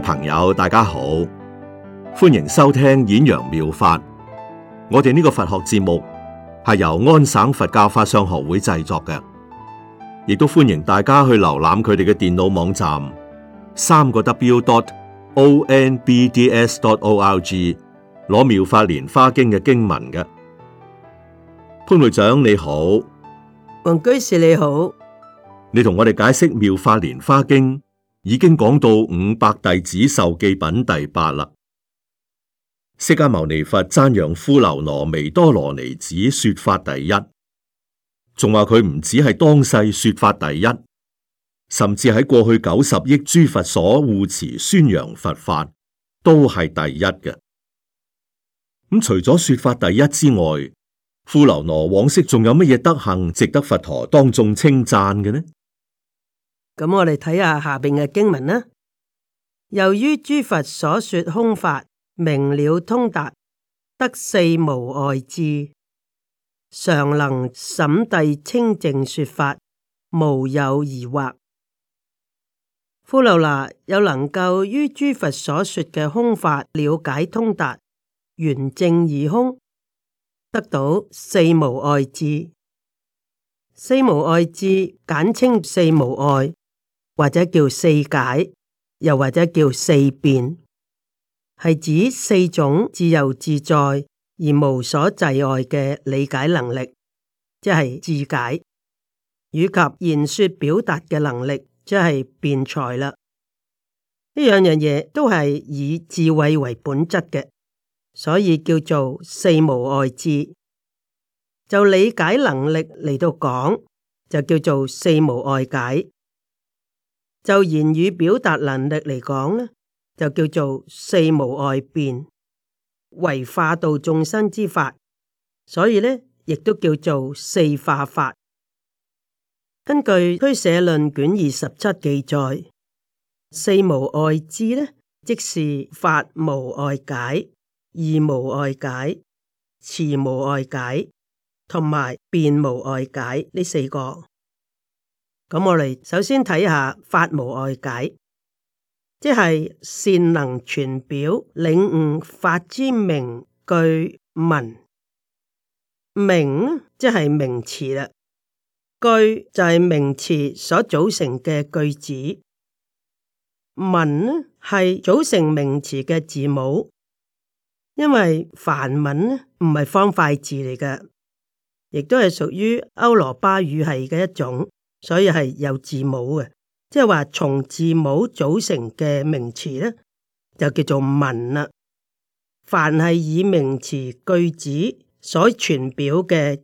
朋友大家好，歡迎收聽演揚妙，妙法。我哋呢個佛學節目係由安省佛教法相學會製作嘅，亦都歡迎大家去瀏覽佢哋嘅電腦網站三個 w dot o n b d s dot o r g 攞妙法蓮花經嘅經文嘅。潘會長你好，黃居士你好，你同我哋解釋妙法蓮花經。已經講到五百弟子受記品第八啦。釋迦牟尼佛讚揚富樓羅彌多羅尼子說法第一，仲話佢唔止係當世說法第一，甚至喺過去九十億諸佛所護持宣揚佛法都係第一嘅。咁，嗯，除咗說法第一之外，富樓羅往昔仲有乜嘢德行值得佛陀當眾稱讚嘅呢？咁我哋睇下下邊嘅經文啦。由於諸佛所說空法明了通達，得四無礙智，常能審諦清淨說法，無有疑惑。富樓那又能夠於諸佛所說嘅空法了解通達，圓正而空，得到四無礙智。四無礙智簡稱四無礙。或者叫四解，又或者叫四辯，係指四種自由自在而無所滯礙嘅理解能力，即係智解，以及言說表達嘅能力，即係辯才啦。呢兩樣嘢嘢都係以智慧為本質嘅，所以叫做四無礙智。就理解能力嚟到講，就叫做四無礙解。就言語表達能力嚟講呢就叫做四無礙辯為化度眾生之法，所以呢，亦都叫做四化法。根據《俱舍論》卷二十七記載，四無礙智呢，即是法無礙解、義無礙解、詞無礙解同埋辯無礙解呢四個。咁我嚟首先睇下法無外解，即係善能傳表領悟法之名句文。名，即係名詞啦。句就係名詞所組成嘅句子，文呢係組成名詞嘅字母。因為梵文唔係方塊字嚟嘅，亦都係屬於歐羅巴語系嘅一種。所以係有字母嘅，即係話從字母組成嘅名詞咧，就叫做文啦。凡係以名詞句子所傳表嘅，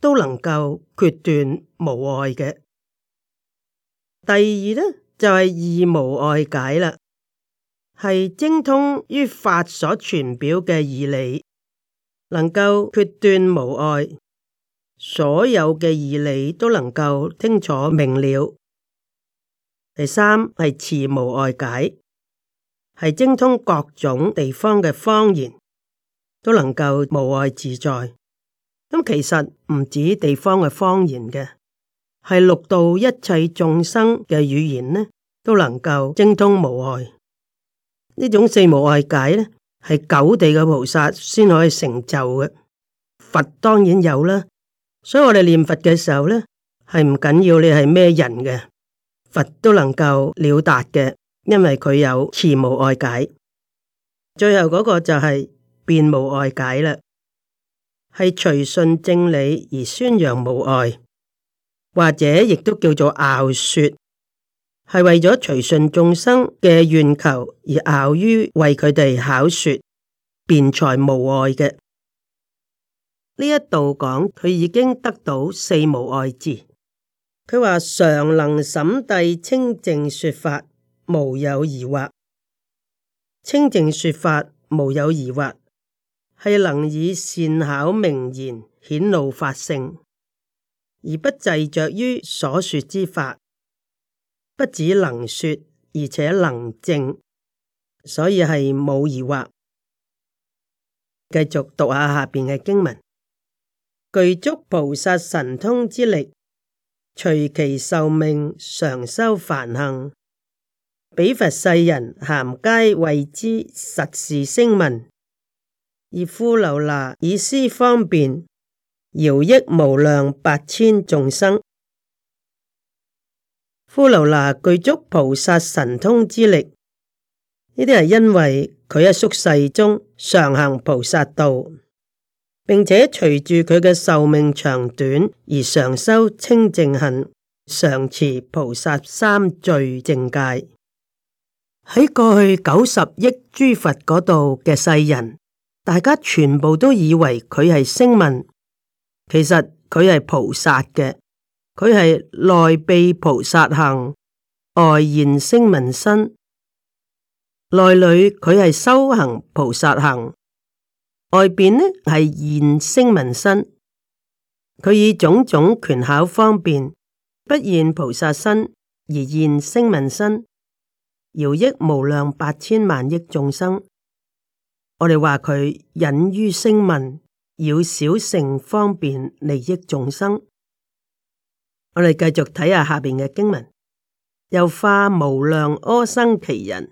都能夠決斷無礙嘅。第二咧，就係、是、義無礙解啦，係精通於法所傳表嘅義理，能夠決斷無礙。所有嘅義理都能夠清楚明了。第三係詞無礙解，係精通各種地方嘅方言，都能夠無礙自在。咁其實唔止地方嘅方言嘅，係六道一切眾生嘅語言呢，都能夠精通無礙。呢種四無礙解呢，係九地嘅菩薩先可以成就嘅。佛當然有啦。所以我哋念佛嘅時候呢，係唔緊要你係咩人嘅，佛都能夠了達嘅，因為佢有辭無礙解。最後嗰個就係辯無礙解啦，係隨順正理而宣揚無礙，或者亦都叫做樂說，係為咗隨順眾生嘅願求而樂於為佢哋考說辯才無礙嘅。呢一度講佢已經得到四無礙智。佢話常能審諦清淨說法，無有疑惑。清淨說法，無有疑惑，係能以善巧明言顯露法性，而不滯着於所說之法，不只能說而且能證，所以係冇疑惑。繼續讀下下邊嘅經文。具足菩薩神通之力，隨其壽命常修梵行，彼佛世人咸皆謂之實是聲聞。而富樓那以斯方便，饒益無量百千眾生。富樓那具足菩薩神通之力，呢啲係因為佢喺宿世中常行菩薩道。並且隨住佢嘅壽命長短而常修清淨行，常持菩薩三聚淨戒。喺過去九十億諸佛嗰度嘅世人，大家全部都以為佢係聲聞，其實佢係菩薩嘅。佢係內秘菩薩行，外現聲聞身，內裏佢係修行菩薩行。外邊呢係現聲聞身，佢以種種權巧方便，不現菩薩身，而現聲聞身，饒益無量八千萬億眾生。我哋話佢隱於聲聞，以小乘方便利益眾生。我哋繼續睇下下邊嘅經文，又化無量阿僧祇人，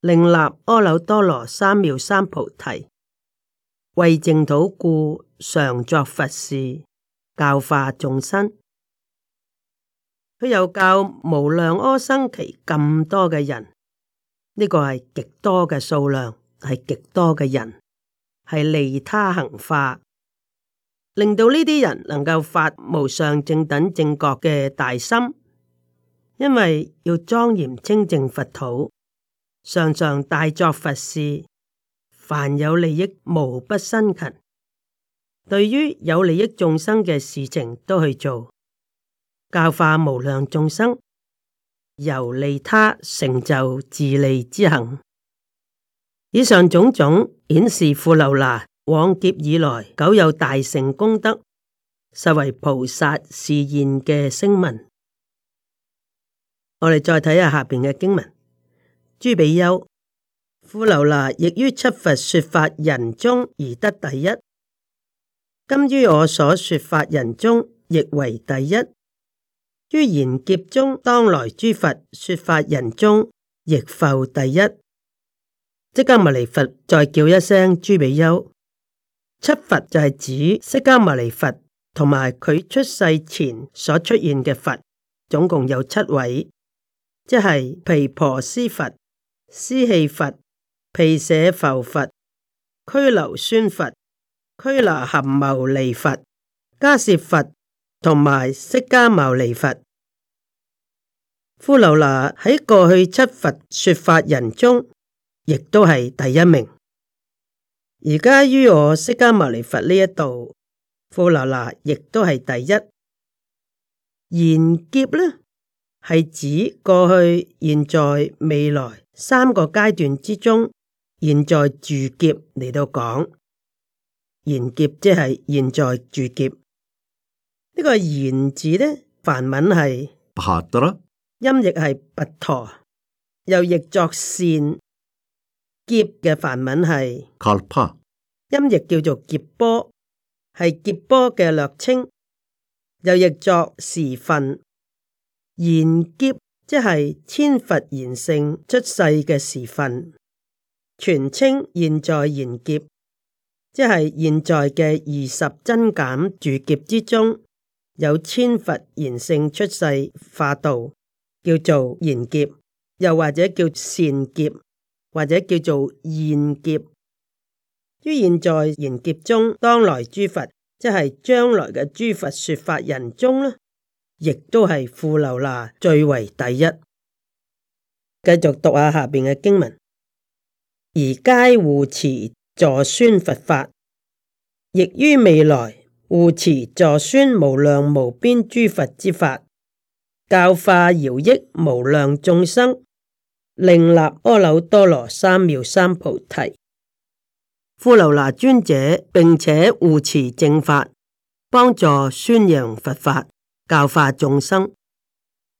令立阿耨多羅三藐三菩提。為淨土故，常作佛事，教化眾生。佢又教無量阿僧祇咁多嘅人，呢個係極多嘅數量，係極多嘅人，係利他行化，令到呢啲人能夠發無上正等正覺嘅大心。因為要莊嚴清淨佛土，常常大作佛事。還有利益，無不辛勤。對於有利益眾生嘅事情都去做，教化無量眾生，由利他成就自利之行。以上種種顯示富樓那往劫以來久有大成功德，實為菩薩示現嘅聲聞。我哋再睇下下邊嘅經文，諸比丘。富留娜亦於七佛說法人中而得第一，今於我所說法人中亦為第一。於賢劫中當來諸佛說法人中亦復第一。釋迦牟尼佛再叫一聲諸比丘，七佛就係指釋迦牟尼佛同埋佢出世前所出現嘅佛，總共有七位，即係毗婆尸佛、尸棄佛。毗舍浮佛、拘留孫佛、拘拿含牟尼佛、迦葉佛同埋釋迦牟尼佛，富樓那喺過去七佛說法人中，亦都係第一名。而家於我釋迦牟尼佛呢一度，富樓那亦都係第一。現劫呢，係指過去、現在、未來三個階段之中。現在住劫嚟到講，賢劫即係現在住劫。這個，言呢個賢字咧，梵文係，Bh atra? 音譯係跋陀，又譯作善劫嘅梵文係 kalpa 音譯叫做劫波，係劫波嘅略稱，又譯作時分。賢劫即係千佛賢聖出世嘅時分。全稱現在賢劫，即係現在嘅二十增減住劫之中，有千佛賢聖出世化道，叫做賢劫，又或者叫善劫，或者叫做現劫。於現在賢劫中，當來諸佛，即係將來嘅諸佛說法人中呢，亦都係富樓那最為第一。繼續讀下下邊嘅經文。而皆護持助宣佛法，亦於未來護持助宣無量無邊諸佛之法，教化饒益無量眾生，令立阿耨多羅三藐三菩提。富樓那尊者並且護持正法，幫助宣揚佛法，教化眾生。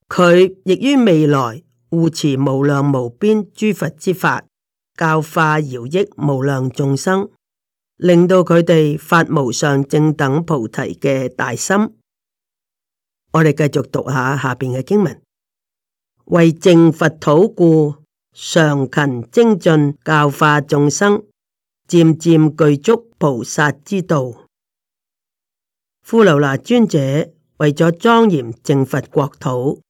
佢亦於未來護持無，無量無邊諸佛之法。教化饒益無量眾生，令到佢哋發無上正等菩提嘅大心。我哋繼續讀下下邊嘅經文，為淨佛土故，常勤精進教化眾生，漸漸具足菩薩之道。富樓那尊者為咗莊嚴淨佛國土，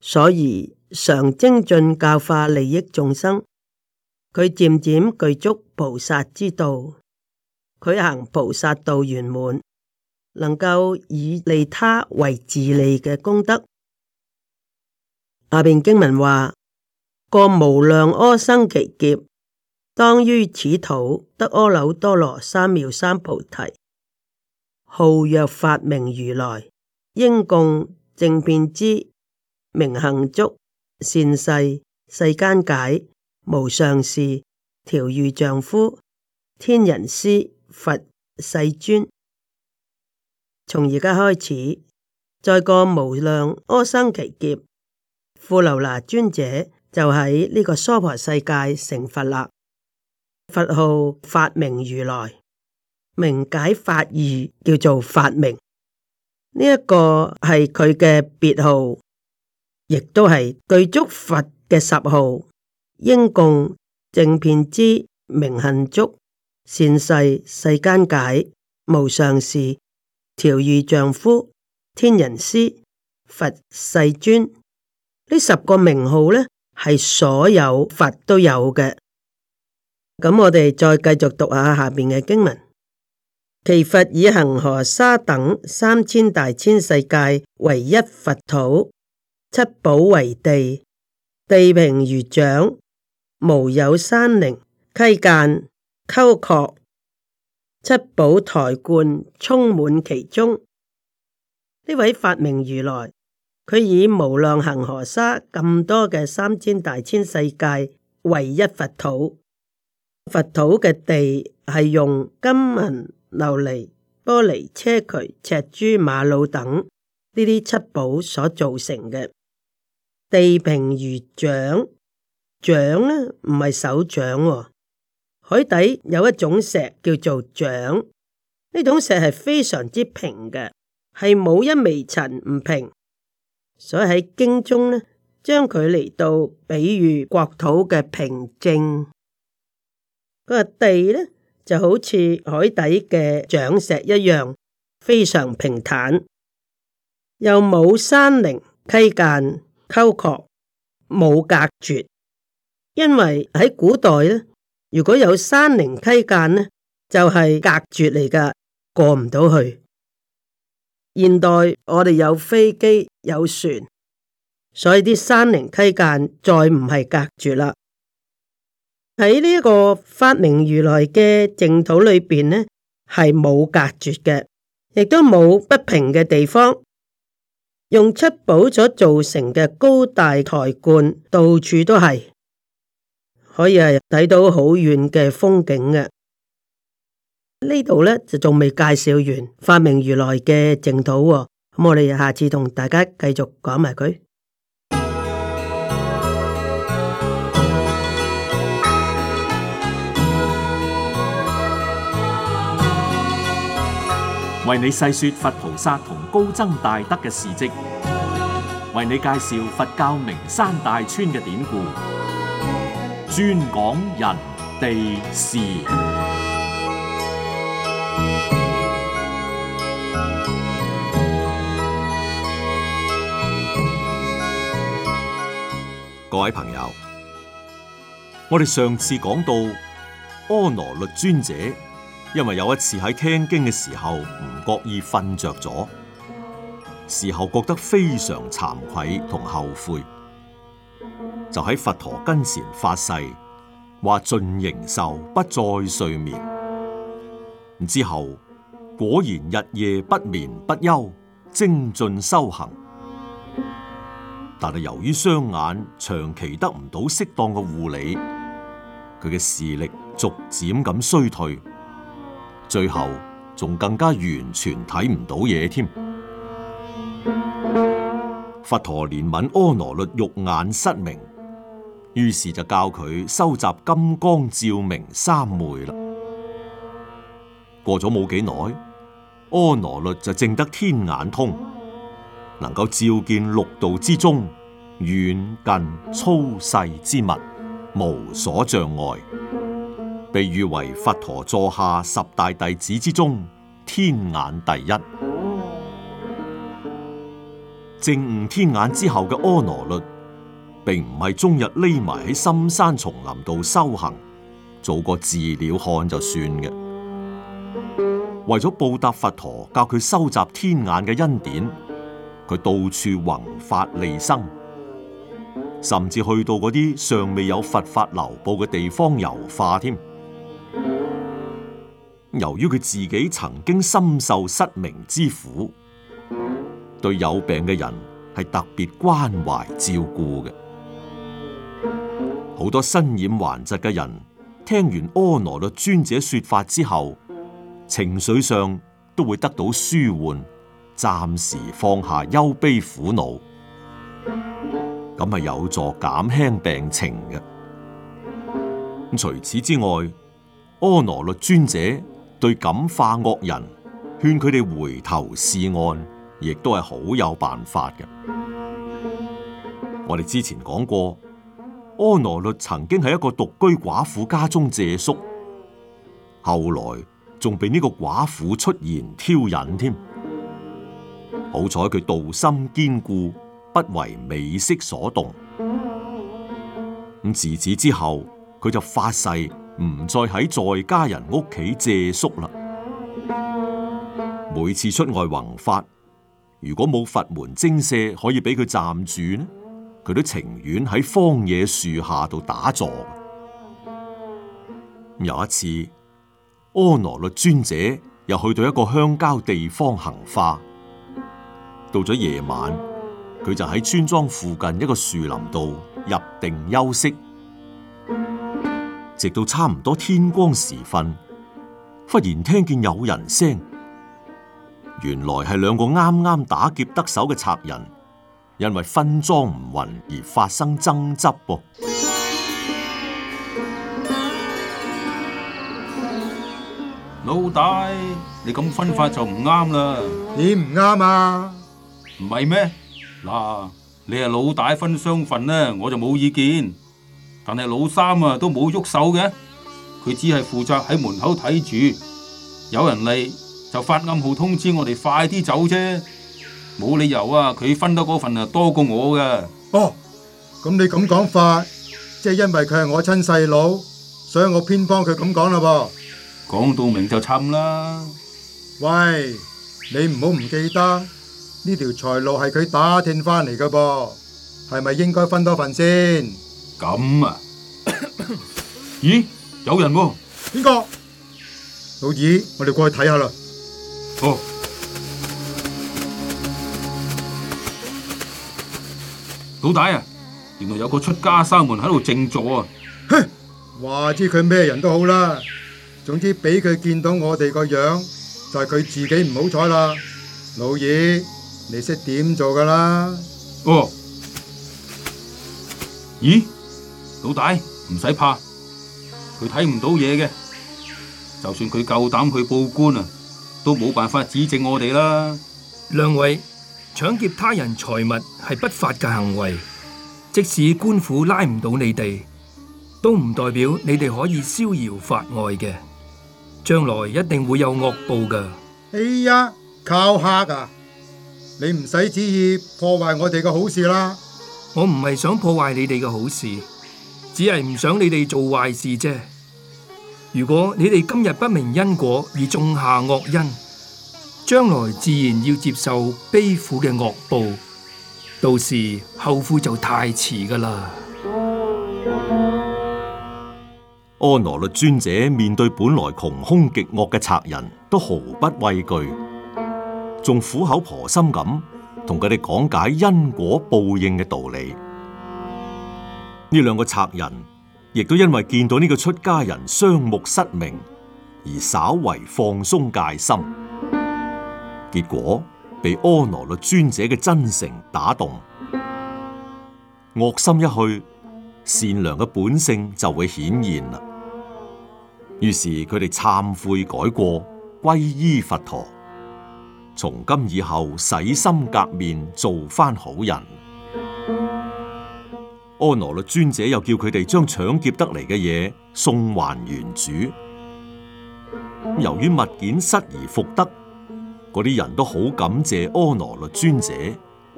所以常精進教化利益眾生。佢漸漸具足菩薩之道，佢行菩薩道圓滿，能夠以利他為自利嘅功德。下邊經文話：個無量阿僧祇劫，當於此土得阿耨多羅三藐三菩提，號曰法明如來，應供正遍知，明行足，善逝，世間解。無上士調御丈夫天人師佛世尊，從而家開始，再過無量阿僧祇劫，富樓那尊者就喺呢個娑婆世界成佛啦。佛號法明如來，明解法義叫做法明，呢一個係佢嘅別號，亦都係具足佛嘅十號。應供、正遍知、明行足、善逝、世間解、無上士、調御丈夫、天人師、佛世尊，呢十個名號咧，係所有佛都有嘅。咁我哋再繼續讀下下邊嘅經文：其佛以恒河沙等三千大千世界為一佛土，七寶為地，地平如掌。無有山陵、溪澗、溝壑，七寶臺觀，充滿其中。呢位法明如來，佢以無量恒河沙咁多嘅三千大千世界為一佛土。佛土嘅地係用金銀、琉璃、玻璃、車渠、赤珠、瑪瑙等呢啲七寶所造成嘅，地平如掌。掌呢唔係手掌，哦，海底有一種石叫做掌，呢種石係非常之平嘅，係冇一微塵唔平，所以喺經中呢，將佢嚟到比喻國土嘅平正，嗰個地呢就好似海底嘅掌石一樣，非常平坦，又冇山嶺溪澗溝壑，冇隔絕。因為喺古代，如果有山嶺溪澗咧，就係、是、隔絕嚟㗎，過唔到去。現代我哋有飛機有船，所以啲山嶺溪澗再唔係隔絕啦。喺呢一個法明如來嘅淨土裏面，咧，係冇隔絕嘅，亦都冇不平嘅地方。用七寶所造成嘅高大台觀，到處都係。可以係睇到好遠嘅風景嘅，呢度，呢就仲未介紹完，法明如來嘅淨土喎，咁我哋下次同大家繼續講埋佢。為你細說佛菩薩同高僧大德嘅事跡，為你介紹佛教名山大川嘅典故。專講人地事，各位朋友，我哋上次講到阿那律尊者，因為有一次喺聽經嘅時候唔覺意瞓着咗，事後覺得非常慚愧同後悔。就喺佛陀跟前發誓，話盡形壽不再睡眠。之後果然日夜不眠不休，精進修行。但係由於雙眼長期得唔到適當嘅護理，佢嘅視力逐漸咁衰退，最後仲更加完全睇唔到嘢添。佛陀憐憫阿那律肉眼失明。於是就教佢收集金剛照明三昧啦。過咗冇幾耐，阿那律就證得天眼通，能夠照見六道之中遠近粗細之物，無所障礙，被譽為佛陀座下十大弟子之中天眼第一。證悟天眼之後嘅阿那律，並唔係終日匿埋喺深山叢林度修行，做個自了漢就算嘅。為咗報答佛陀教佢收集天眼嘅恩典，佢到處弘法利生，甚至去到嗰啲尚未有佛法流布嘅地方遊化添。由於佢自己曾經深受失明之苦，對有病嘅人係特別關懷照顧嘅。好多身染患疾嘅人，聽完阿那律尊者說法之後，情緒上都會得到舒緩，暫時放下憂悲苦惱，咁係有助減輕病情嘅。除此之外，阿那律尊者對感化惡人、勸佢哋回頭是岸，亦都係好有辦法嘅。我哋之前講過。阿那律曾經喺一個獨居寡婦家中借宿，後來仲被呢個寡婦出言挑釁添。好彩佢道心堅固，不為美色所動。咁自此之後，佢就發誓唔再喺在，在家人屋企借宿啦。每次出外弘法，如果冇佛門精舍可以俾佢暫住呢？佢都情願喺荒野樹下度打坐。有一次，阿那律尊者又去到一個鄉郊地方行化。到咗夜晚，佢就喺村莊附近一個樹林度入定休息，直到差唔多天光時分，忽然聽見有人聲，原來係兩個啱啱打劫得手嘅賊人。因為分贓唔匀而發生爭執噃，啊，老大，你咁分法就唔啱啦，你唔啱啊。唔係咩？嗱，你係老大分雙份呢，我就冇意見。但係老三啊，都冇喐手嘅，佢只係負責喺門口睇住，有人嚟就發暗號通知我哋快啲走啫。冇理由啊！佢分到嗰份啊多過我噶。哦，咁你咁講法，即係因為佢係我親細佬，所以我偏幫佢咁講啦噃。講到明就趁啦。喂，你唔好唔記得呢條財路係佢打聽翻嚟噶噃，係咪應該分多份先？咁啊？ 咦？有人喎、啊？邊個？老二，我哋過去睇下啦。哦。老大啊，原來有個出家沙門喺度靜坐啊！哼，話知佢咩人都好啦，總之俾佢見到我哋個樣，就係佢自己唔好彩啦。老二，你識點做噶啦？哦。咦，老大唔使怕，佢睇唔到嘢嘅。就算佢夠膽去報官啊，都冇辦法指證我哋啦。兩位。搶劫他人財物係不法嘅行為，即使官府拉唔到你哋，都唔代表你哋可以逍遙法外嘅。將來一定會有惡報嘅。哎呀，靠嚇㗎！你唔使旨意破壞我哋嘅好事啦。我唔係想破壞你哋嘅好事，只係唔想你哋做壞事啫。如果你哋今日不明因果而種下惡因，將來自然要接受悲苦嘅惡報，到時後悔就太遲㗎喇。阿那律尊者面對本來窮凶極惡嘅賊人，都毫不畏懼，仲苦口婆心咁同佢哋講解因果報應嘅道理。呢兩個賊人亦都因為見到呢個出家人雙目失明，而稍為放鬆戒心。結果被阿那律尊者嘅真誠打動，惡心一去，善良嘅本性就會顯現啦。於是佢哋懺悔改過，皈依佛陀，從今以後洗心革面，做翻好人。阿那律尊者又叫佢哋將搶劫得嚟嘅嘢送還原主。由於物件失而復得，嗰啲人都好感謝阿那律尊者，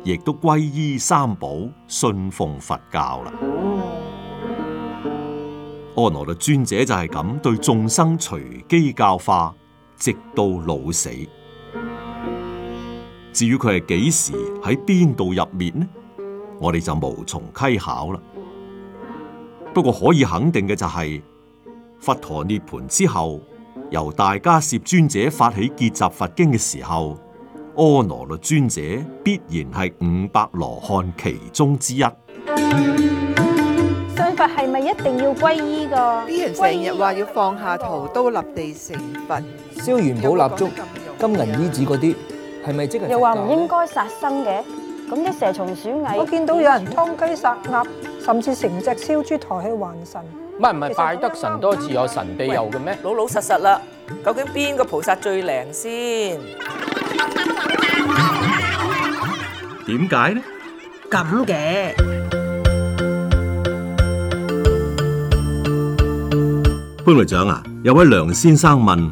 亦都皈依三寶，信奉佛教啦。阿那律尊者就係咁對眾生隨機教化，直到老死。至於佢係幾時喺邊度入滅呢？我哋就無從稽考啦。不過可以肯定嘅就係、是、佛陀涅盤之後。由大迦葉尊者發起結集佛經嘅時候，阿那律尊者必然係五百羅漢其中之一。信佛係咪一定要皈依噶？啲人成日話要放下屠刀立地成佛，燒元寶蠟燭，有有金銀衣紙嗰啲，係咪即係？又話唔應該殺生嘅，咁啲蛇蟲鼠蟻，我見到有人劏雞殺鴨，甚至成隻燒豬抬去還神。唔係唔係，拜得神多自有神庇佑嘅咩？老老實實啦，究竟邊個菩薩最靈先？點解呢？咁嘅潘隊長啊，有位梁先生問：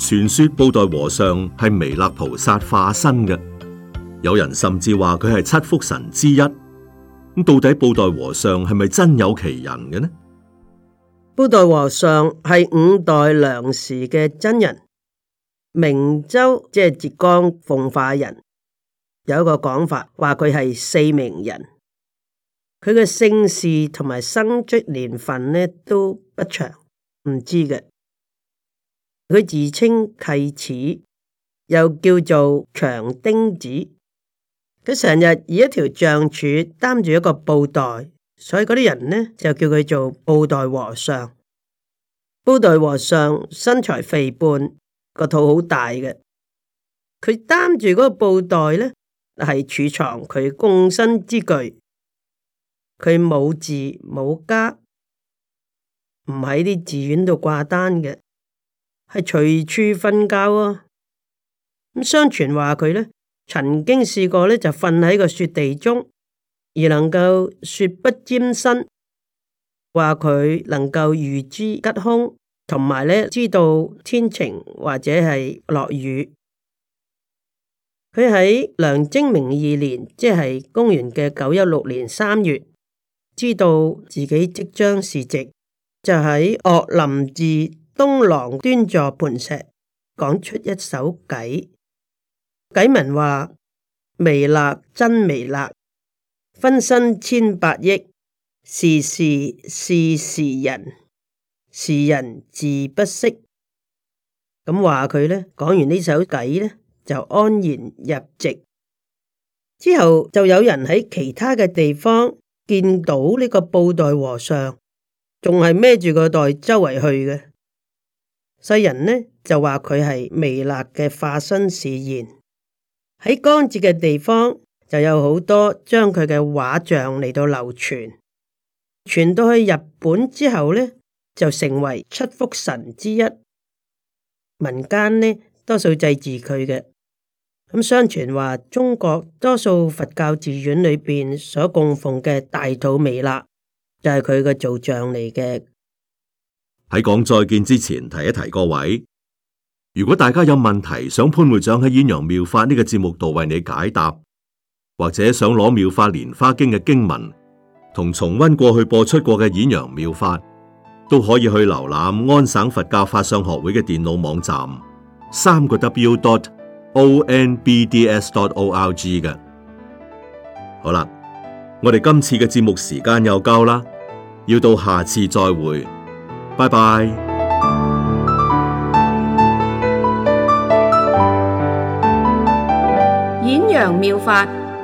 傳說布袋和尚係彌勒菩薩化身嘅，有人甚至話佢係七福神之一。咁到底布袋和尚係咪真有其人嘅呢？古代和尚係五代梁時嘅真人，明州即係浙江奉化人。有一個講法話佢係四明人，佢嘅姓氏同埋生卒年份呢都不詳，唔知嘅。佢自稱契此，又叫做長汀子。佢成日以一條杖柱擔住一個布袋。所以嗰啲人呢，就叫佢做布袋和尚。布袋和尚身材肥胖，個肚好大嘅。佢擔住嗰個布袋呢，係儲藏佢共身之具。佢冇字冇家，唔喺啲寺院度掛單嘅，係隨處瞓覺啊、哦。咁相傳話佢呢，曾經試過呢就瞓喺個雪地中。而能夠雪不沾身，話佢能夠預知吉凶，同埋知道天晴或者係落雨。佢喺梁貞明二年，即係公元嘅九一六年三月，知道自己即將逝世，就喺岳林寺東廊端坐磐石，講出一首偈。偈文話：彌勒真彌勒。分身千百億，時時示時人，時人自不識。咁話佢呢講完呢首偈呢，就安然入寂。之後就有人喺其他嘅地方見到呢個布袋和尚，仲係孭住個袋周圍去嘅。世人呢就話佢係彌勒嘅化身示現，喺江浙嘅地方，就有好多將佢嘅畫像嚟到流傳，傳到去日本之後呢，就成為七福神之一。民間呢，多數祭祀佢嘅，咁、嗯、相傳話中國多數佛教寺院裏邊所供奉嘅大肚彌勒就係佢嘅造像嚟嘅。喺講再見之前，提一提各位，如果大家有問題，想潘會長喺《演揚妙法》呢、這個節目度為你解答。或者想攞《妙法蓮華經》嘅經文，同重温過去播出過嘅《演揚妙法》，都可以去瀏覽安省佛教法相學會嘅電腦網站，三個 W dot O N B D S dot O R G 嘅。好啦，我哋今次嘅節目時間又夠啦，要到下次再會，拜拜。演揚妙法。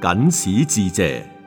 僅此致謝。